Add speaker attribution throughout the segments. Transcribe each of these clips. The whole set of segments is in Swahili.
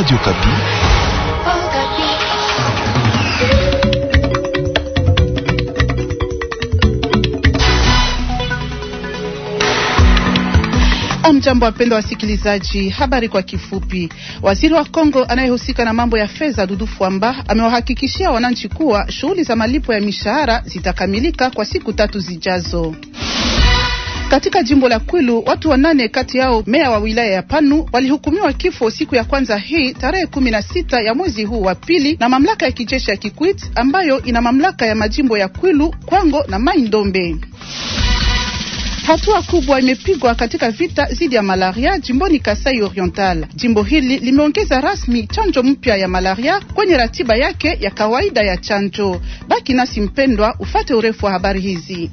Speaker 1: Radio Kapi.
Speaker 2: Amjambo, wapendwa wasikilizaji, habari kwa kifupi. Waziri wa Kongo anayehusika na mambo ya fedha Dudu Fwamba amewahakikishia wananchi kuwa shughuli za malipo ya mishahara zitakamilika kwa siku tatu zijazo. Katika jimbo la Kwilu watu wanane kati yao meya wa wilaya ya Panu walihukumiwa kifo siku ya kwanza hii tarehe kumi na sita ya mwezi huu wa pili na mamlaka ya kijeshi ya Kikwit ambayo ina mamlaka ya majimbo ya Kwilu, Kwango na Mai Ndombe. Hatua kubwa imepigwa katika vita dhidi ya malaria jimboni Kasai Oriental. Jimbo hili limeongeza rasmi chanjo mpya ya malaria kwenye ratiba yake ya kawaida ya chanjo. Baki nasi mpendwa, ufate urefu wa habari hizi.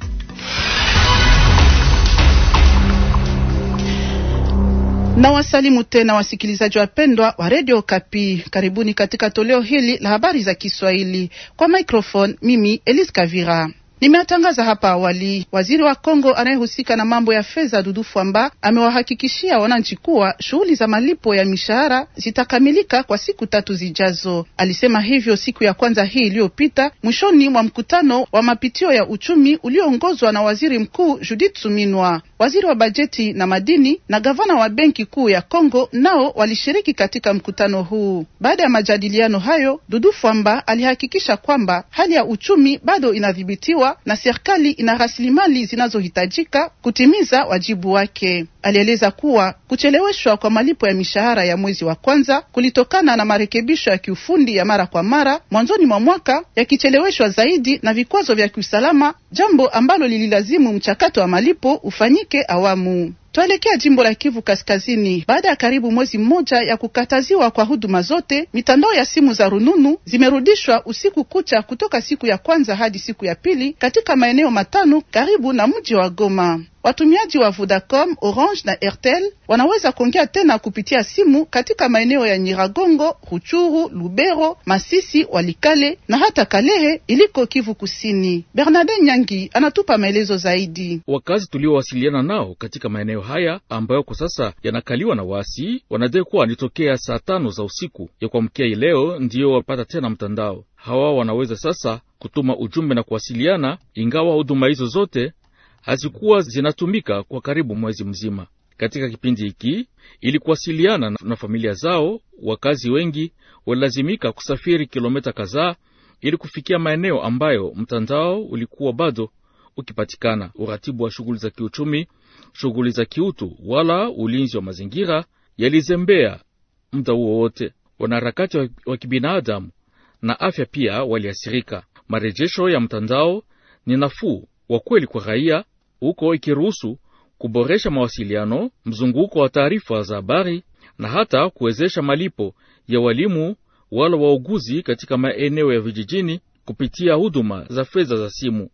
Speaker 2: Na wasalimu tena wasikilizaji wapendwa wa redio Kapi, karibuni katika toleo hili la habari za Kiswahili. Kwa microphone mimi Elise Kavira. Nimewatangaza hapa awali, waziri wa Kongo anayehusika na mambo ya fedha Dudu Fwamba amewahakikishia wananchi kuwa shughuli za malipo ya mishahara zitakamilika kwa siku tatu zijazo. Alisema hivyo siku ya kwanza hii iliyopita mwishoni mwa mkutano wa mapitio ya uchumi ulioongozwa na waziri mkuu Judith Suminwa waziri wa bajeti na madini na gavana wa benki kuu ya Kongo nao walishiriki katika mkutano huu. Baada ya majadiliano hayo, Dudu Fwamba alihakikisha kwamba hali ya uchumi bado inadhibitiwa na serikali ina rasilimali zinazohitajika kutimiza wajibu wake. Alieleza kuwa kucheleweshwa kwa malipo ya mishahara ya mwezi wa kwanza kulitokana na marekebisho ya kiufundi ya mara kwa mara mwanzoni mwa mwaka, yakicheleweshwa zaidi na vikwazo vya kiusalama, jambo ambalo lililazimu mchakato wa malipo ufanyike washike awamu. Tuelekea jimbo la Kivu Kaskazini. Baada ya karibu mwezi mmoja ya kukataziwa kwa huduma zote, mitandao ya simu za rununu zimerudishwa usiku kucha kutoka siku ya kwanza hadi siku ya pili katika maeneo matano karibu na mji wa Goma. Watumiaji wa Vodacom, Orange na Airtel wanaweza kuongea tena kupitia simu katika maeneo ya Nyiragongo, Ruchuru, Lubero, Masisi, Walikale na hata Kalehe iliko Kivu Kusini. bernarde Nyangi anatupa maelezo zaidi.
Speaker 3: Wakazi tuliowasiliana nao katika maeneo haya ambayo kwa sasa yanakaliwa na waasi wanadai kuwa nitokea saa tano za usiku ya kuamkia leo ndiyo wapata tena mtandao. Hawa wanaweza sasa kutuma ujumbe na kuwasiliana, ingawa huduma hizo zote hazikuwa zinatumika kwa karibu mwezi mzima. Katika kipindi hiki ili kuwasiliana na familia zao, wakazi wengi walilazimika kusafiri kilomita kadhaa ili kufikia maeneo ambayo mtandao ulikuwa bado ukipatikana. Uratibu wa shughuli za kiuchumi, shughuli za kiutu, wala ulinzi wa mazingira yalizembea muda huo wote. Wanaharakati wa kibinadamu na afya pia waliathirika. Marejesho ya mtandao ni nafuu wa kweli kwa raia, huko ikiruhusu kuboresha mawasiliano, mzunguko wa taarifa za habari na hata kuwezesha malipo ya walimu wala wauguzi katika maeneo ya vijijini kupitia huduma za fedha za simu.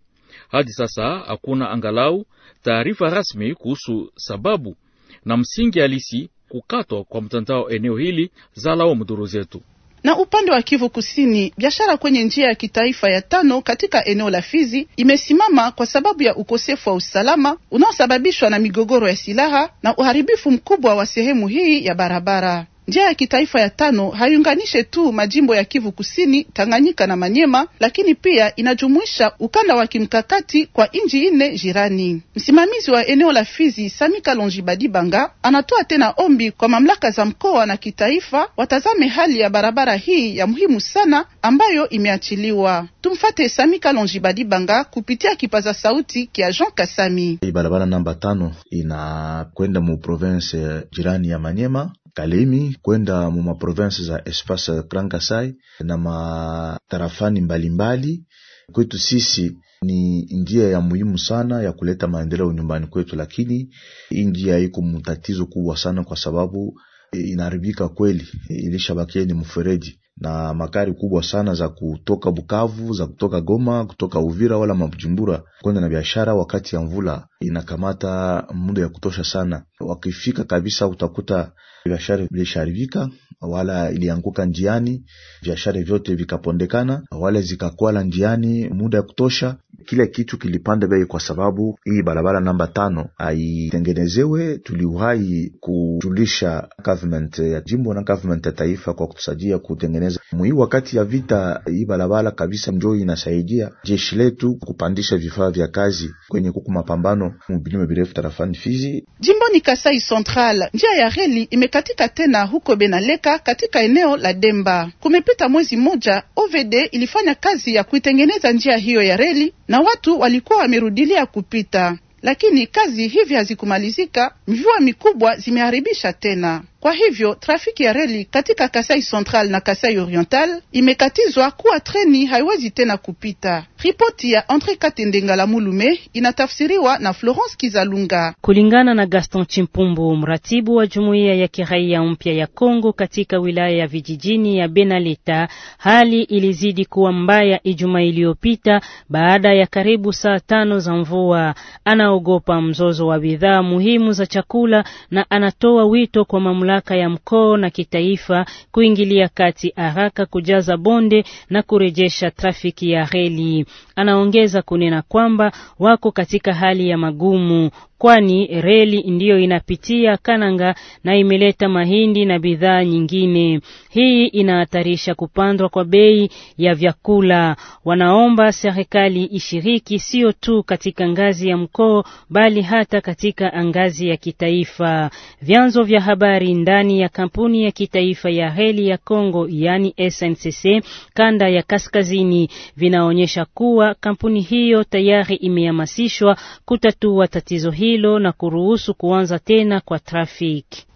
Speaker 3: Hadi sasa hakuna angalau taarifa rasmi kuhusu sababu na msingi halisi kukatwa kwa mtandao eneo hili za lao mduru zetu.
Speaker 2: Na upande wa Kivu Kusini, biashara kwenye njia ya kitaifa ya tano katika eneo la Fizi imesimama kwa sababu ya ukosefu wa usalama unaosababishwa na migogoro ya silaha na uharibifu mkubwa wa sehemu hii ya barabara. Njia ya kitaifa ya tano haiunganishe tu majimbo ya Kivu Kusini, Tanganyika na Manyema, lakini pia inajumuisha ukanda wa kimkakati kwa nchi nne jirani. Msimamizi wa eneo la Fizi, Samika Lonjibadi Banga, anatoa tena ombi kwa mamlaka za mkoa na kitaifa watazame hali ya barabara hii ya muhimu sana ambayo imeachiliwa. Tumfate Samika Lonjibadi Banga kupitia kipaza sauti kia Jean Kasami.
Speaker 4: Hii barabara namba tano inakwenda mu province jirani ya Manyema Kalemi kwenda mu maprovince za espace Grand Kasai na matarafani mbalimbali. Kwetu sisi ni njia ya muhimu sana ya kuleta maendeleo nyumbani kwetu, lakini hii njia iko mtatizo kubwa sana, kwa sababu eh, inaharibika kweli, eh, ilishabakia ni mfereji na makari kubwa sana za kutoka Bukavu, za kutoka Goma, kutoka Uvira wala Mabujumbura kwenda na biashara. Wakati ya mvula inakamata muda ya kutosha sana, wakifika kabisa utakuta biashara vilisharibika wala ilianguka njiani, biashara vyote vikapondekana wala zikakwala njiani muda ya kutosha kila kitu kilipanda bei kwa sababu hii barabara namba tano aitengenezewe. Tuliuhai kujulisha government ya jimbo na government ya taifa kwa kutusajia kutengeneza mwi wakati ya vita. Hii barabara kabisa njo inasaidia jeshi letu kupandisha vifaa vya kazi kwenye kuku mapambano mbilima birefu tarafani Fizi.
Speaker 2: Jimbo ni Kasai Central, njia ya reli imekatika tena huko Benaleka katika eneo la Demba. Kumepita mwezi mmoja, OVD ilifanya kazi ya kuitengeneza njia hiyo ya reli na watu walikuwa wamerudilia kupita, lakini kazi hivi hazikumalizika. Mvua mikubwa zimeharibisha tena kwa hivyo trafiki ya reli katika Kasai Central na Kasai Oriental imekatizwa kuwa treni haiwezi tena kupita. Ripoti ya Andre la Mulume inatafsiriwa na Florence Kizalunga.
Speaker 1: Kulingana na Gaston Chimpumbu, mratibu wa jumuiya ya kiraia mpya ya Kongo katika wilaya ya vijijini ya Benalita, hali ilizidi kuwa mbaya Ijumaa iliyopita baada ya karibu saa tano za mvua. Anaogopa mzozo wa bidhaa muhimu za chakula na anatoa wito kwa mamlaka mamlaka ya mkoa na kitaifa kuingilia kati haraka kujaza bonde na kurejesha trafiki ya reli. Anaongeza kunena kwamba wako katika hali ya magumu kwani reli ndiyo inapitia Kananga na imeleta mahindi na bidhaa nyingine. Hii inahatarisha kupandwa kwa bei ya vyakula. Wanaomba serikali ishiriki sio tu katika ngazi ya mkoa bali hata katika ngazi ya kitaifa. Vyanzo vya habari ndani ya kampuni ya kitaifa ya reli ya Kongo yani SNCC kanda ya kaskazini vinaonyesha kuwa kampuni hiyo tayari imehamasishwa kutatua tatizo hili hilo na kuruhusu kuanza tena kwa trafiki.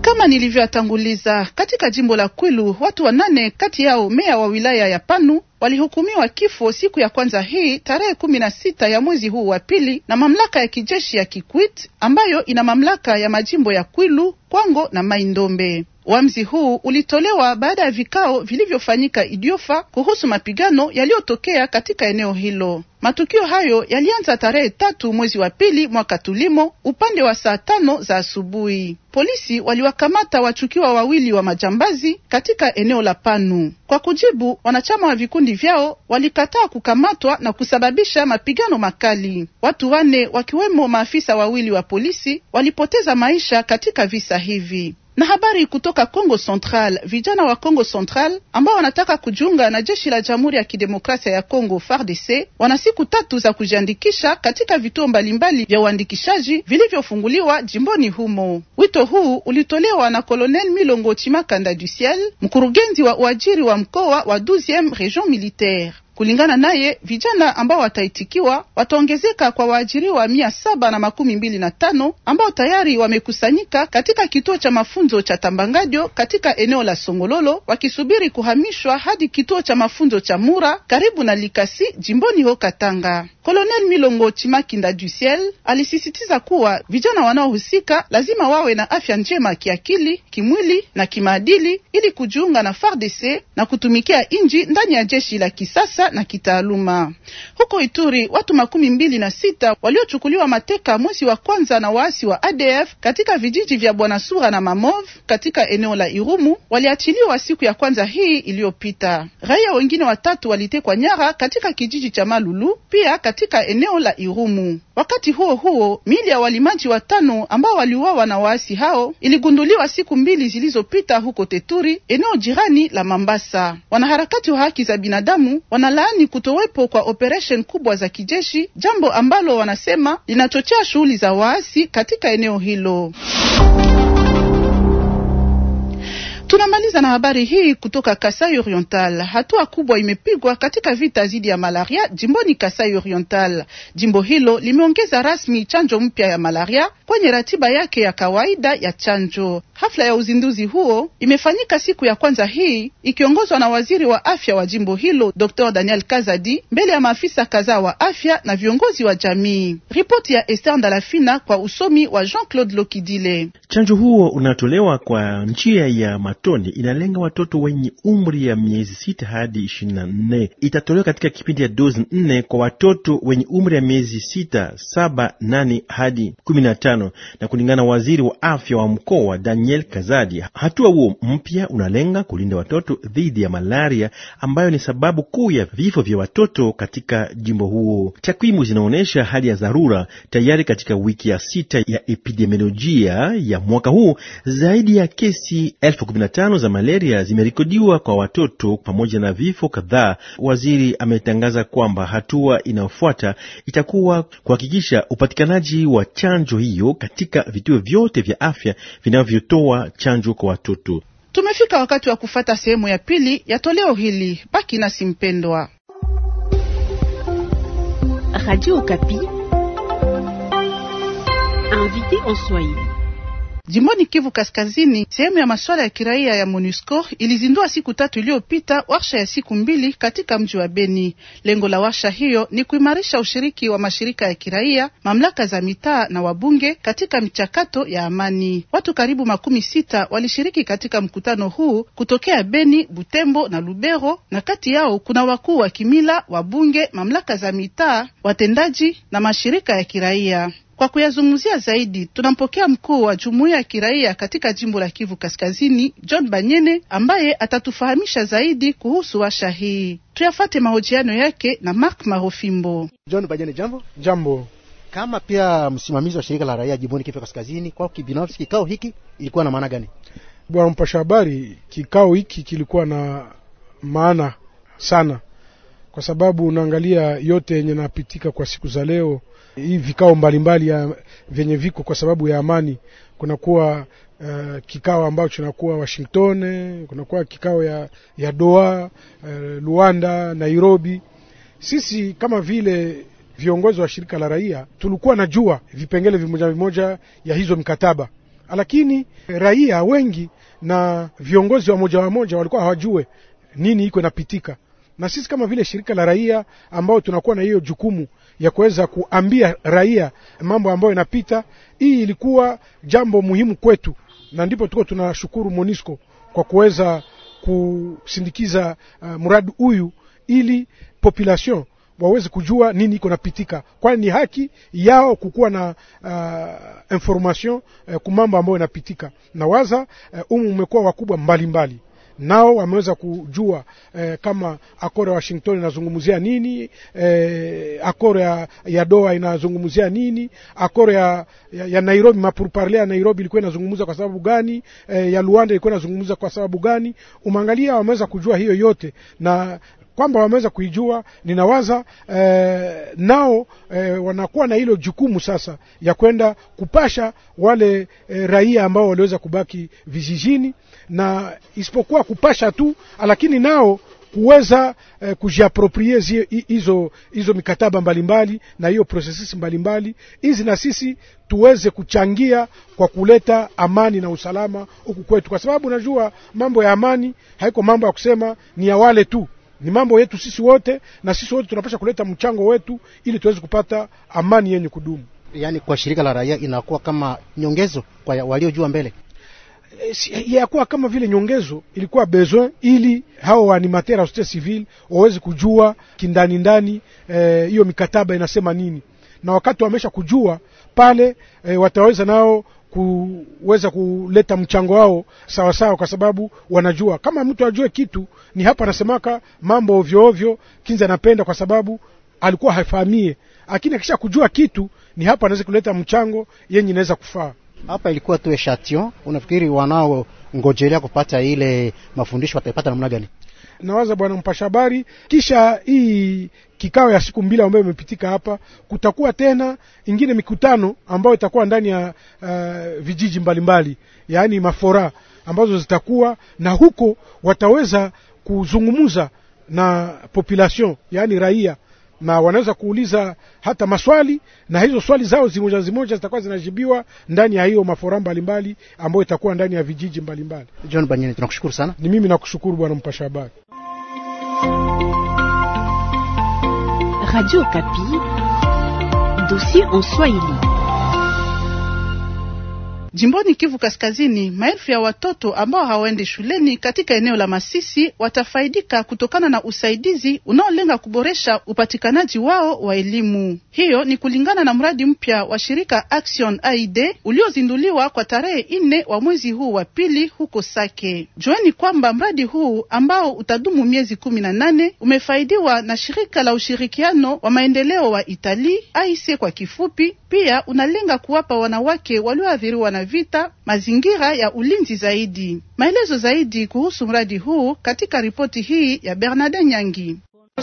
Speaker 2: Kama nilivyoatanguliza, katika jimbo la Kwilu watu wanane kati yao meya wa wilaya ya Panu walihukumiwa kifo siku ya kwanza hii tarehe kumi na sita ya mwezi huu wa pili na mamlaka ya kijeshi ya Kikwit ambayo ina mamlaka ya majimbo ya Kwilu, Kwango na maindombe wamzi huu ulitolewa baada ya vikao vilivyofanyika Idiofa kuhusu mapigano yaliyotokea katika eneo hilo. Matukio hayo yalianza tarehe tatu mwezi wa pili mwaka tulimo upande wa saa tano za asubuhi. Polisi waliwakamata wachukiwa wawili wa majambazi katika eneo la Panu. Kwa kujibu, wanachama wa vikundi vyao walikataa kukamatwa na kusababisha mapigano makali. Watu wane wakiwemo maafisa wawili wa polisi walipoteza maisha katika visa hivi. Na habari kutoka Kongo Central, vijana wa Kongo Central ambao wanataka kujiunga na jeshi la Jamhuri ya Kidemokrasia ya Kongo FARDC wana siku tatu za kujiandikisha katika vituo mbalimbali vya uandikishaji vilivyofunguliwa jimboni humo. Wito huu ulitolewa na Colonel Milongo Chimakanda du Ciel, mkurugenzi wa uajiri wa mkoa wa 12e Region Militaire. Kulingana naye, vijana ambao wataitikiwa wataongezeka kwa waajiriwa mia saba na makumi mbili na tano ambao tayari wamekusanyika katika kituo cha mafunzo cha tambangadyo katika eneo la Songololo wakisubiri kuhamishwa hadi kituo cha mafunzo cha Mura karibu na Likasi jimboni ho Katanga. Colonel Milongo Chimakinda du alisisitiza kuwa vijana wanaohusika lazima wawe na afya njema kiakili, kimwili na kimaadili ili kujiunga na FARDC na kutumikia nji ndani ya jeshi la kisasa na kitaaluma. Huko Ituri, watu makumi mbili na sita waliochukuliwa mateka mwezi wa kwanza na waasi wa ADF katika vijiji vya Bwana Sura na Mamov katika eneo la Irumu waliachiliwa siku ya kwanza hii iliyopita. Raia wengine watatu walitekwa nyara katika kijiji cha Malulu pia katika eneo la Irumu. Wakati huo huo, miili ya walimaji watano ambao waliuawa na waasi hao iligunduliwa siku mbili zilizopita huko Teturi, eneo jirani la Mambasa. Wanaharakati wa haki za binadamu wana wanalaani kutowepo kwa operation kubwa za kijeshi, jambo ambalo wanasema linachochea shughuli za waasi katika eneo hilo. Tunamaliza na habari hii kutoka Kasai Oriental. Hatua kubwa imepigwa katika vita dhidi ya malaria jimboni Kasai Oriental. Jimbo hilo limeongeza rasmi chanjo mpya ya malaria kwenye ratiba yake ya kawaida ya chanjo. Hafla ya uzinduzi huo imefanyika siku ya kwanza hii ikiongozwa na waziri wa afya wa jimbo hilo Dr. Daniel Kazadi mbele ya maafisa kadhaa wa afya na viongozi wa jamii. Ripoti ya Esther Ndalafina kwa usomi wa Jean-Claude Lokidile.
Speaker 3: Chanjo huo unatolewa kwa njia ya matone, inalenga watoto wenye umri ya miezi sita hadi ishirini na nne. Itatolewa katika kipindi ya dozi nne kwa watoto wenye umri ya miezi sita, saba, nane hadi kumi na tano na kulingana na waziri wa afya wa mkoa Daniel Daniel Kazadi. Hatua huo mpya unalenga kulinda watoto dhidi ya malaria ambayo ni sababu kuu ya vifo vya watoto katika jimbo huo. Takwimu zinaonyesha hali ya dharura tayari katika wiki ya sita ya epidemiolojia ya mwaka huu, zaidi ya kesi elfu kumi na tano za malaria zimerekodiwa kwa watoto pamoja na vifo kadhaa. Waziri ametangaza kwamba hatua inayofuata itakuwa kuhakikisha upatikanaji wa chanjo hiyo katika vituo vyote vya afya vinavyotoa kutoa chanjo kwa watoto.
Speaker 2: Tumefika wakati wa kufata sehemu ya pili ya toleo hili. Baki nasi mpendwa. Radio Okapi invité en Swahili Jimboni Kivu Kaskazini, sehemu ya masuala ya kiraia ya MONUSCO ilizindua siku tatu iliyopita warsha ya siku mbili katika mji wa Beni. Lengo la warsha hiyo ni kuimarisha ushiriki wa mashirika ya kiraia, mamlaka za mitaa na wabunge katika michakato ya amani. Watu karibu makumi sita walishiriki katika mkutano huu kutokea Beni, Butembo na Lubero, na kati yao kuna wakuu wa kimila, wabunge, mamlaka za mitaa, watendaji na mashirika ya kiraia. Kwa kuyazungumzia zaidi, tunampokea mkuu wa jumuiya ya kiraia katika jimbo la Kivu Kaskazini, John Banyene, ambaye atatufahamisha zaidi kuhusu washa hii. Tuyafate mahojiano yake na Mark Marofimbo.
Speaker 5: John Banyene, jambo. Jambo. Kama pia msimamizi wa shirika la raia jimboni Kivu Kaskazini, kwa kibinafsi, kikao hiki ilikuwa na maana gani? Bwana mpasha habari, kikao hiki kilikuwa na maana sana kwa sababu unaangalia yote yenye napitika kwa siku za leo, hii vikao mbalimbali mbali vyenye viko kwa sababu ya amani. Kunakuwa uh, kikao ambacho kinakuwa Washington, kunakuwa kikao ya, ya Doha, uh, Luanda, Nairobi. Sisi kama vile viongozi wa shirika la raia tulikuwa najua vipengele vimoja vimoja ya hizo mkataba lakini raia wengi na viongozi wa moja wa moja walikuwa hawajue nini iko inapitika na sisi kama vile shirika la raia ambao tunakuwa na hiyo jukumu ya kuweza kuambia raia mambo ambayo inapita, hii ilikuwa jambo muhimu kwetu, na ndipo tuko tunashukuru Monisco kwa kuweza kusindikiza uh, mradi huyu ili population waweze kujua nini iko napitika, kwani ni haki yao kukuwa na uh, information uh, kumambo ambayo inapitika na waza uh, umu umekuwa wakubwa mbalimbali mbali nao wameweza kujua eh, kama akoro ya Washington inazungumzia nini eh, akoro ya, ya Doha inazungumzia nini, akoro ya, ya, ya Nairobi, mapurparle ya Nairobi ilikuwa inazungumza kwa sababu gani, eh, ya Luanda ilikuwa inazungumza kwa sababu gani. Umangalia wameweza kujua hiyo yote na kwamba wameweza kuijua. Ninawaza eh, nao eh, wanakuwa na hilo jukumu sasa ya kwenda kupasha wale eh, raia ambao waliweza kubaki vijijini, na isipokuwa kupasha tu, lakini nao kuweza eh, kujiaproprie hizo hizo mikataba mbalimbali mbali, na hiyo processes mbalimbali hizi na sisi tuweze kuchangia kwa kuleta amani na usalama huku kwetu, kwa sababu najua mambo ya amani haiko mambo ya kusema ni ya wale tu ni mambo yetu sisi wote, na sisi wote tunapasha kuleta mchango wetu ili tuweze kupata amani yenye kudumu.
Speaker 3: Yaani kwa shirika la raia inakuwa kama
Speaker 5: nyongezo kwa waliojua mbele eh, yakuwa kama vile nyongezo ilikuwa besoin ili hao waanimateur wa societe civile waweze kujua kindani ndani eh, hiyo e, mikataba inasema nini, na wakati wamesha kujua pale e, wataweza nao kuweza kuleta mchango wao sawasawa, kwa sababu wanajua kama mtu ajue kitu ni hapa. Anasemaka mambo ovyo ovyo, Kinza anapenda kwa sababu alikuwa hafahamie, lakini akisha kujua kitu ni hapa anaweza kuleta mchango yenye inaweza kufaa
Speaker 2: hapa ilikuwa tu eshatio Unafikiri wanao ngojelea kupata ile mafundisho wataipata namna gani?
Speaker 5: nawaza bwana mpasha habari, kisha hii kikao ya siku mbili ambayo imepitika hapa, kutakuwa tena ingine mikutano ambayo itakuwa ndani ya uh, vijiji mbalimbali, yaani mafora ambazo zitakuwa na huko wataweza kuzungumuza na population, yaani raia na wanaweza kuuliza hata maswali na hizo swali zao zimoja zimoja zitakuwa zinajibiwa ndani ya hiyo mafora mbalimbali ambayo itakuwa ndani ya vijiji mbalimbali mbali. John Banyene, tunakushukuru sana. Ni mimi nakushukuru bwana mpasha habari. Radio
Speaker 2: Kapi, dossier en Swahili. Jimboni Kivu Kaskazini, maelfu ya watoto ambao hawaendi shuleni katika eneo la Masisi watafaidika kutokana na usaidizi unaolenga kuboresha upatikanaji wao wa elimu. Hiyo ni kulingana na mradi mpya wa shirika Action Aid uliozinduliwa kwa tarehe nne wa mwezi huu wa pili huko Sake. Jueni kwamba mradi huu ambao utadumu miezi kumi na nane umefaidiwa na shirika la ushirikiano wa maendeleo wa Itali AIC kwa kifupi, pia unalenga kuwapa wanawake walioathiriwa na vita, mazingira ya ulinzi zaidi. Maelezo zaidi kuhusu mradi huu katika ripoti hii ya Bernard Nyangi.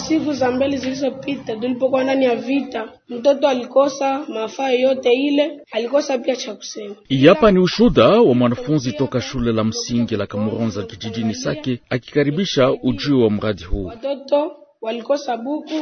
Speaker 1: Siku za mbele zilizopita tulipokuwa ndani ya vita, mtoto alikosa mafaa yote ile, alikosa pia cha kusema.
Speaker 3: Hapa ni ushuda wa mwanafunzi toka shule la msingi la Kamuronza kijijini Sake akikaribisha ujio wa mradi huu.
Speaker 1: Watoto walikosa buku,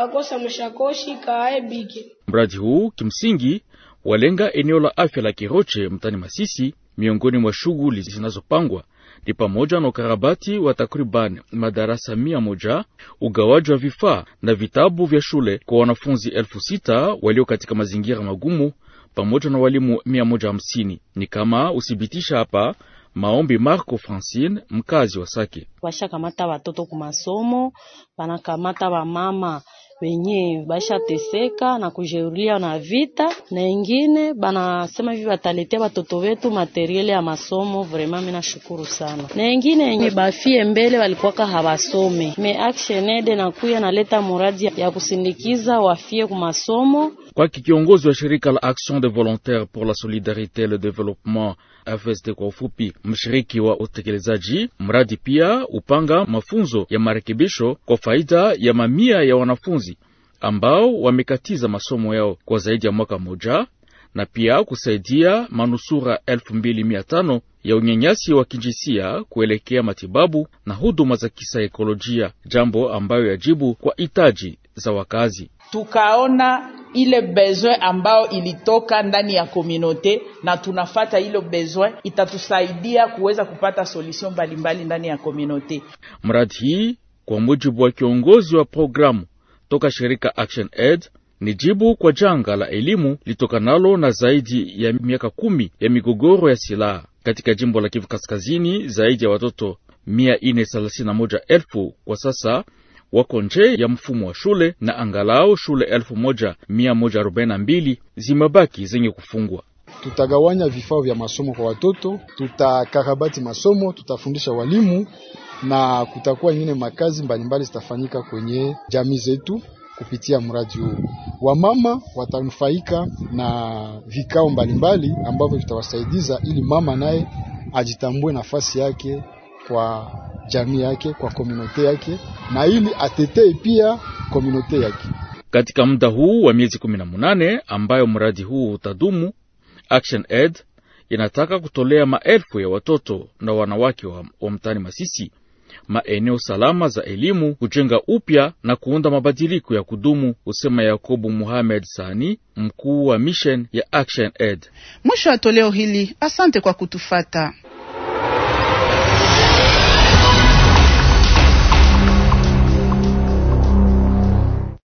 Speaker 1: wakosa mashakoshi kaae bike.
Speaker 3: Mradi huu kimsingi walenga eneo la afya la Kiroche mtani Masisi. Miongoni mwa shughuli zinazopangwa ni pamoja na ukarabati wa takriban madarasa mia moja, ugawaji wa vifaa na vitabu vya shule kwa wanafunzi elfu sita walio katika mazingira magumu pamoja na walimu mia moja hamsini. Ni kama usibitisha hapa maombi Marco Francine, mkazi wa Sake.
Speaker 1: Washakamata watoto kumasomo, wanakamata wamama wenye bashateseka na kujeruliwa na vita, na ingine banasema hivi bataletea batoto wetu materiele ya masomo. Vrema mimi nashukuru sana, na ingine yenye bafie mbele walikuwaka hawasome me action aid nakuya naleta muradi ya kusindikiza wafie kumasomo
Speaker 3: kwake kiongozi wa shirika la Action de Volontaire pour la Solidarité le Developement, fsd kwa ufupi, mshiriki wa utekelezaji mradi, pia upanga mafunzo ya marekebisho kwa faida ya mamia ya wanafunzi ambao wamekatiza masomo yao kwa zaidi ya mwaka mmoja na pia kusaidia manusura 2500 ya unyanyasi wa kijinsia kuelekea matibabu na huduma za kisaikolojia, jambo ambayo yajibu kwa hitaji za wakazi
Speaker 2: tukaona ile besoin ambayo ilitoka ndani ya komunote na tunafata ilo besoin itatusaidia kuweza kupata solution mbalimbali ndani ya komunote.
Speaker 3: Mradi hii kwa mujibu wa kiongozi wa programu toka shirika Action Aid ni jibu kwa janga la elimu litokanalo na zaidi ya miaka kumi ya migogoro ya silaha katika jimbo la Kivu Kaskazini. Zaidi ya watoto mia kwa sasa wako nje ya mfumo wa shule na angalau shule 1142 zimabaki zimebaki zenye kufungwa. Tutagawanya
Speaker 5: vifaa vya masomo kwa watoto, tutakarabati masomo, tutafundisha walimu na kutakuwa nyingine makazi mbalimbali zitafanyika kwenye jamii zetu kupitia mradi huu. Wamama watanufaika na vikao mbalimbali ambavyo vitawasaidiza ili mama naye ajitambue nafasi yake kwa jamii yake, kwa komunote yake, na ili atetee pia komunote yake
Speaker 3: katika muda huu wa miezi 18 ambayo mradi huu utadumu. Action Aid inataka kutolea maelfu ya watoto na wanawake wa, wa mtani Masisi maeneo salama za elimu, kujenga upya na kuunda mabadiliko ya kudumu, husema yakobu Muhamed Sani, mkuu wa mission ya Action Aid,
Speaker 2: mwisho wa toleo hili. Asante kwa kutufata.